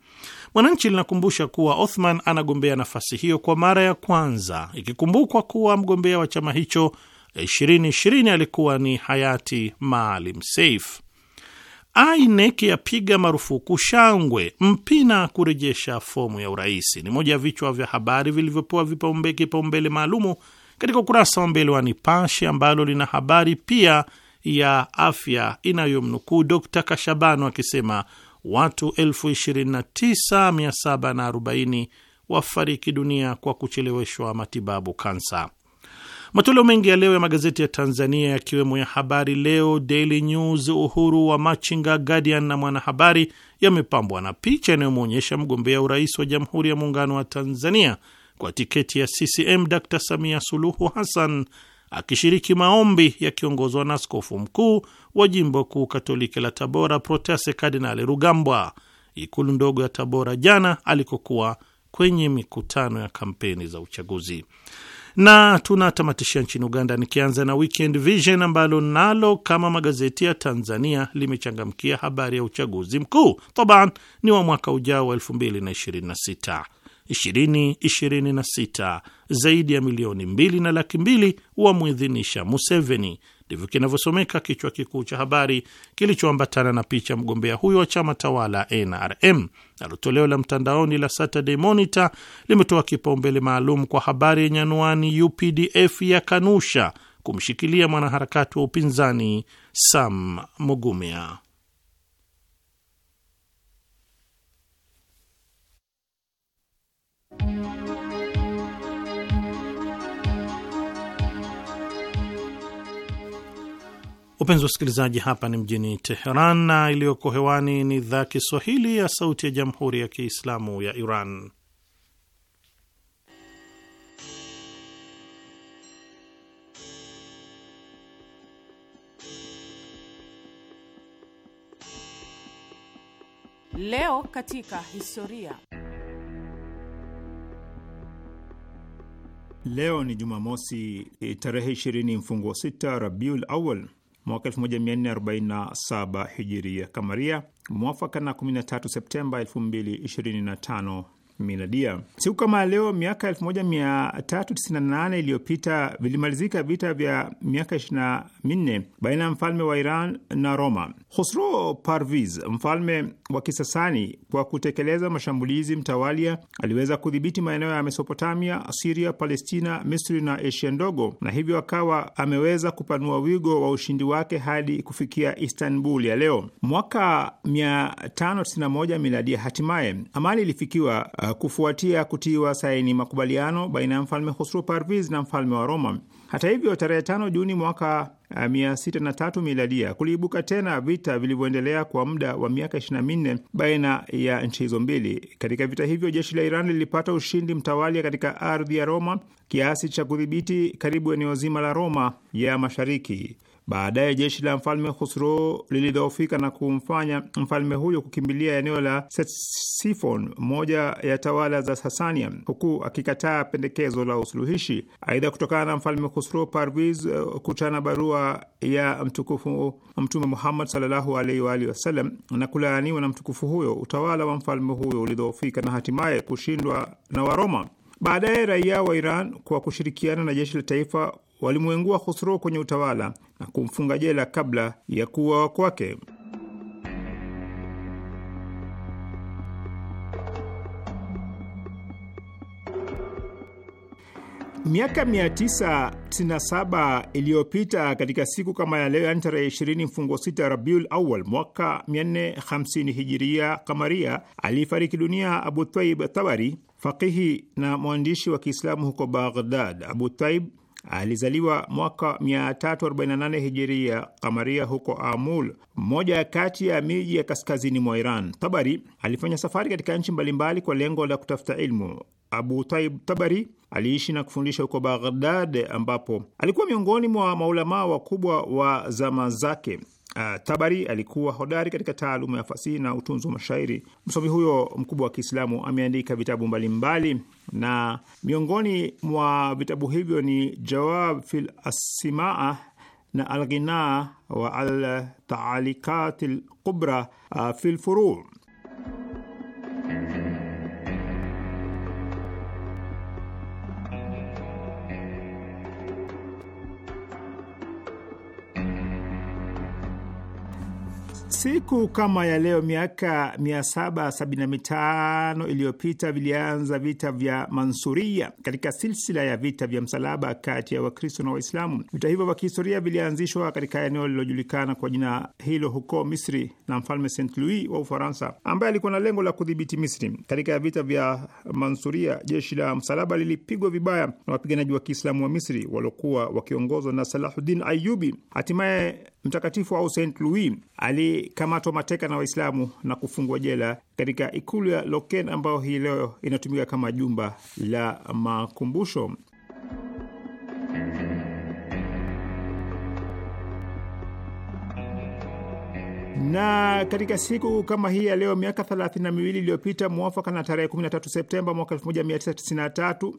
Mwananchi linakumbusha kuwa Othman anagombea nafasi hiyo kwa mara ya kwanza, ikikumbukwa kuwa mgombea wa chama hicho 2020 alikuwa ni hayati Maalim Seif. INEC yapiga marufuku shangwe, Mpina kurejesha fomu ya urais, ni moja ya vichwa vya habari vilivyopewa vipaumbele kipaumbele maalumu katika ukurasa wa mbele wa Nipashe, ambalo lina habari pia ya afya inayomnukuu Dr Kashabano akisema watu 29740 wafariki dunia kwa kucheleweshwa matibabu kansa. Matoleo mengi ya leo ya magazeti ya Tanzania yakiwemo ya Habari Leo, Daily News, Uhuru wa Machinga, Guardian na Mwanahabari yamepambwa na picha inayomwonyesha mgombea urais wa Jamhuri ya Muungano wa Tanzania kwa tiketi ya CCM Dr Samia Suluhu Hassan akishiriki maombi yakiongozwa na askofu mkuu wa jimbo kuu Katoliki la Tabora, Protase Kardinali Rugambwa, ikulu ndogo ya Tabora jana alikokuwa kwenye mikutano ya kampeni za uchaguzi na tunatamatishia nchini Uganda, nikianza na Weekend Vision ambalo nalo kama magazeti ya Tanzania limechangamkia habari ya uchaguzi mkuu taban ni wa mwaka ujao wa 2026 2026 zaidi ya milioni mbili na laki mbili wamwidhinisha Museveni ndivyo kinavyosomeka kichwa kikuu cha habari kilichoambatana na picha mgombea huyo wa chama tawala NRM. Nalo toleo la mtandaoni la Saturday Monitor limetoa kipaumbele maalum kwa habari yenye anwani UPDF ya kanusha kumshikilia mwanaharakati wa upinzani Sam Mugumia. Upenzi wa usikilizaji, hapa ni mjini Teheran na iliyoko hewani ni idhaa Kiswahili ya Sauti ya Jamhuri ya Kiislamu ya Iran. Leo katika historia. Leo ni Jumamosi tarehe 20 mfungo 6 Rabiul Awal mwaka 1447 hijiria kamaria mwafaka na 13 Septemba 2025 minadia. Siku kama leo miaka 1398 iliyopita vilimalizika vita vya miaka 24 baina ya mfalme wa Iran na Roma. hosro Parviz, mfalme wa Kisasani, kwa kutekeleza mashambulizi mtawalia, aliweza kudhibiti maeneo ya Mesopotamia, Siria, Palestina, Misri na Asia ndogo, na hivyo akawa ameweza kupanua wigo wa ushindi wake hadi kufikia Istanbul ya leo. Mwaka 591 miladia, hatimaye amali ilifikiwa Ah, kufuatia kutiwa saini makubaliano baina ya mfalme Husru Parviz na mfalme wa Roma. Hata hivyo, tarehe tano Juni mwaka 603 ah, miladia kuliibuka tena vita vilivyoendelea kwa muda wa miaka 24 baina ya nchi hizo mbili. Katika vita hivyo jeshi la Iran lilipata ushindi mtawalia katika ardhi ya Roma kiasi cha kudhibiti karibu eneo zima la Roma ya mashariki. Baadaye jeshi la mfalme Khusro lilidhoofika na kumfanya mfalme huyo kukimbilia eneo la Ctesiphon, moja ya tawala za Sasania, huku akikataa pendekezo la usuluhishi. Aidha, kutokana na mfalme Khusro Parviz eh, kuchana barua ya mtukufu Mtume Muhammad sallallahu alaihi wasallam na kulaaniwa na mtukufu huyo, utawala wa mfalme huyo ulidhoofika na hatimaye kushindwa na Waroma. Baadaye raia wa Iran kwa kushirikiana na jeshi la taifa walimwengua Khusro kwenye utawala na kumfunga jela kabla ya kuuawa kwake. Miaka 997 iliyopita katika siku kama ya leo, yani tarehe 20 mfungo 6 Rabiul Awal mwaka 450 hijiria kamaria, alifariki dunia Abu taib Tabari, fakihi na mwandishi wa Kiislamu huko Baghdad. Abu Taib Alizaliwa mwaka 348 hijiria kamaria huko Amul, mmoja ya kati ya miji ya kaskazini mwa Iran. Tabari alifanya safari katika nchi mbalimbali kwa lengo la kutafuta ilmu. Abu Taib Tabari aliishi na kufundisha huko Baghdad, ambapo alikuwa miongoni mwa maulamaa wakubwa wa zama zake. Uh, Tabari alikuwa hodari katika taaluma ya fasihi na utunzi wa mashairi. Msomi huyo mkubwa wa Kiislamu ameandika vitabu mbalimbali mbali, na miongoni mwa vitabu hivyo ni Jawab fil Asimaa na Alghina wa Altaalikati Lkubra uh, eh, fil furu Siku kama ya leo miaka 775 iliyopita vilianza vita vya Mansuria katika silsila ya vita vya msalaba kati ya Wakristo na Waislamu. Vita hivyo vya kihistoria vilianzishwa katika eneo lililojulikana kwa jina hilo huko Misri na mfalme St Louis wa Ufaransa, ambaye alikuwa na lengo la kudhibiti Misri. Katika vita vya Mansuria, jeshi la msalaba lilipigwa vibaya na wapiganaji wa Kiislamu wa Misri waliokuwa wakiongozwa na Salahuddin Ayubi. Hatimaye mtakatifu au St Louis alikamatwa mateka na Waislamu na kufungwa jela katika ikulu ya Loken ambayo hii leo inatumika kama jumba la makumbusho. na katika siku kama hii ya leo miaka thelathini na miwili iliyopita mwafaka na tarehe 13 Septemba mwaka 1993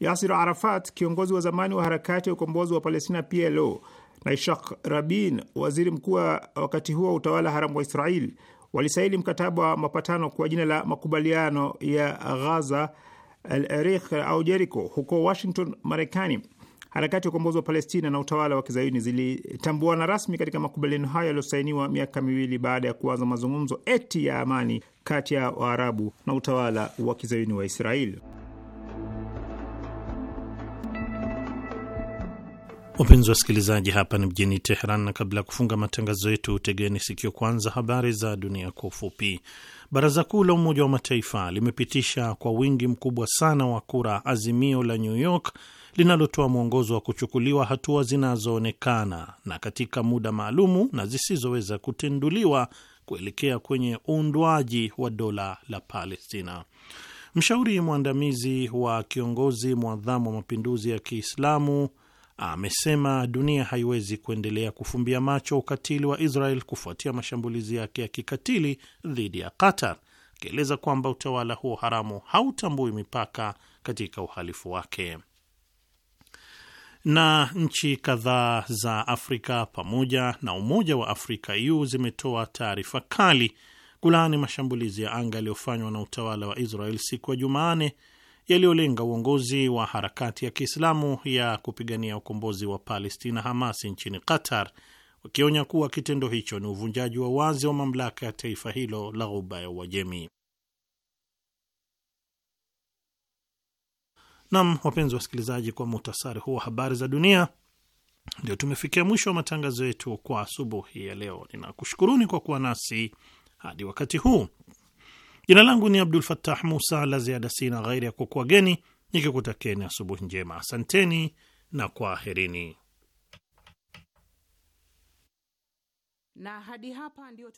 Yasir Arafat, kiongozi wa zamani wa harakati ya ukombozi wa Palestina PLO, na Ishaq Rabin, waziri mkuu wa wakati huo wa utawala haramu wa Israel, walisaini mkataba wa mapatano kwa jina la makubaliano ya Ghaza al au jerico huko Washington, Marekani. Harakati ya ukombozi wa Palestina na utawala wa kizayuni zilitambuana rasmi katika makubaliano hayo yaliyosainiwa miaka miwili baada ya kuanza mazungumzo eti ya amani kati ya Waarabu na utawala wa kizayuni wa Israeli. Wapenzi wasikilizaji, hapa ni mjini Teheran, na kabla ya kufunga matangazo yetu, tegeni sikio kwanza habari za dunia kwa ufupi. Baraza Kuu la Umoja wa Mataifa limepitisha kwa wingi mkubwa sana wa kura azimio la New York linalotoa mwongozo wa kuchukuliwa hatua zinazoonekana na katika muda maalumu na zisizoweza kutinduliwa kuelekea kwenye uundwaji wa dola la Palestina. Mshauri mwandamizi wa kiongozi mwadhamu wa mapinduzi ya Kiislamu amesema dunia haiwezi kuendelea kufumbia macho ukatili wa Israel kufuatia mashambulizi yake ya kikatili dhidi ya Qatar, akieleza kwamba utawala huo haramu hautambui mipaka katika uhalifu wake. Na nchi kadhaa za Afrika pamoja na Umoja wa Afrika EU zimetoa taarifa kali kulaani mashambulizi ya anga yaliyofanywa na utawala wa Israel siku ya jumanne yaliyolenga uongozi wa harakati ya Kiislamu ya kupigania ukombozi wa Palestina, Hamas, nchini Qatar, wakionya kuwa kitendo hicho ni uvunjaji wa wazi wa mamlaka ya taifa hilo la Ghuba ya Uajemi. Nam, wapenzi wa wasikilizaji, kwa muhtasari huu wa habari za dunia, ndio tumefikia mwisho wa matangazo yetu kwa asubuhi ya leo. Ninakushukuruni kwa kuwa nasi hadi wakati huu. Jina langu ni Abdul Fattah Musa. La ziada sina ghairi ya kukuageni nikikutakeni asubuhi njema. Asanteni na kwaherini. Na hadi hapa ndio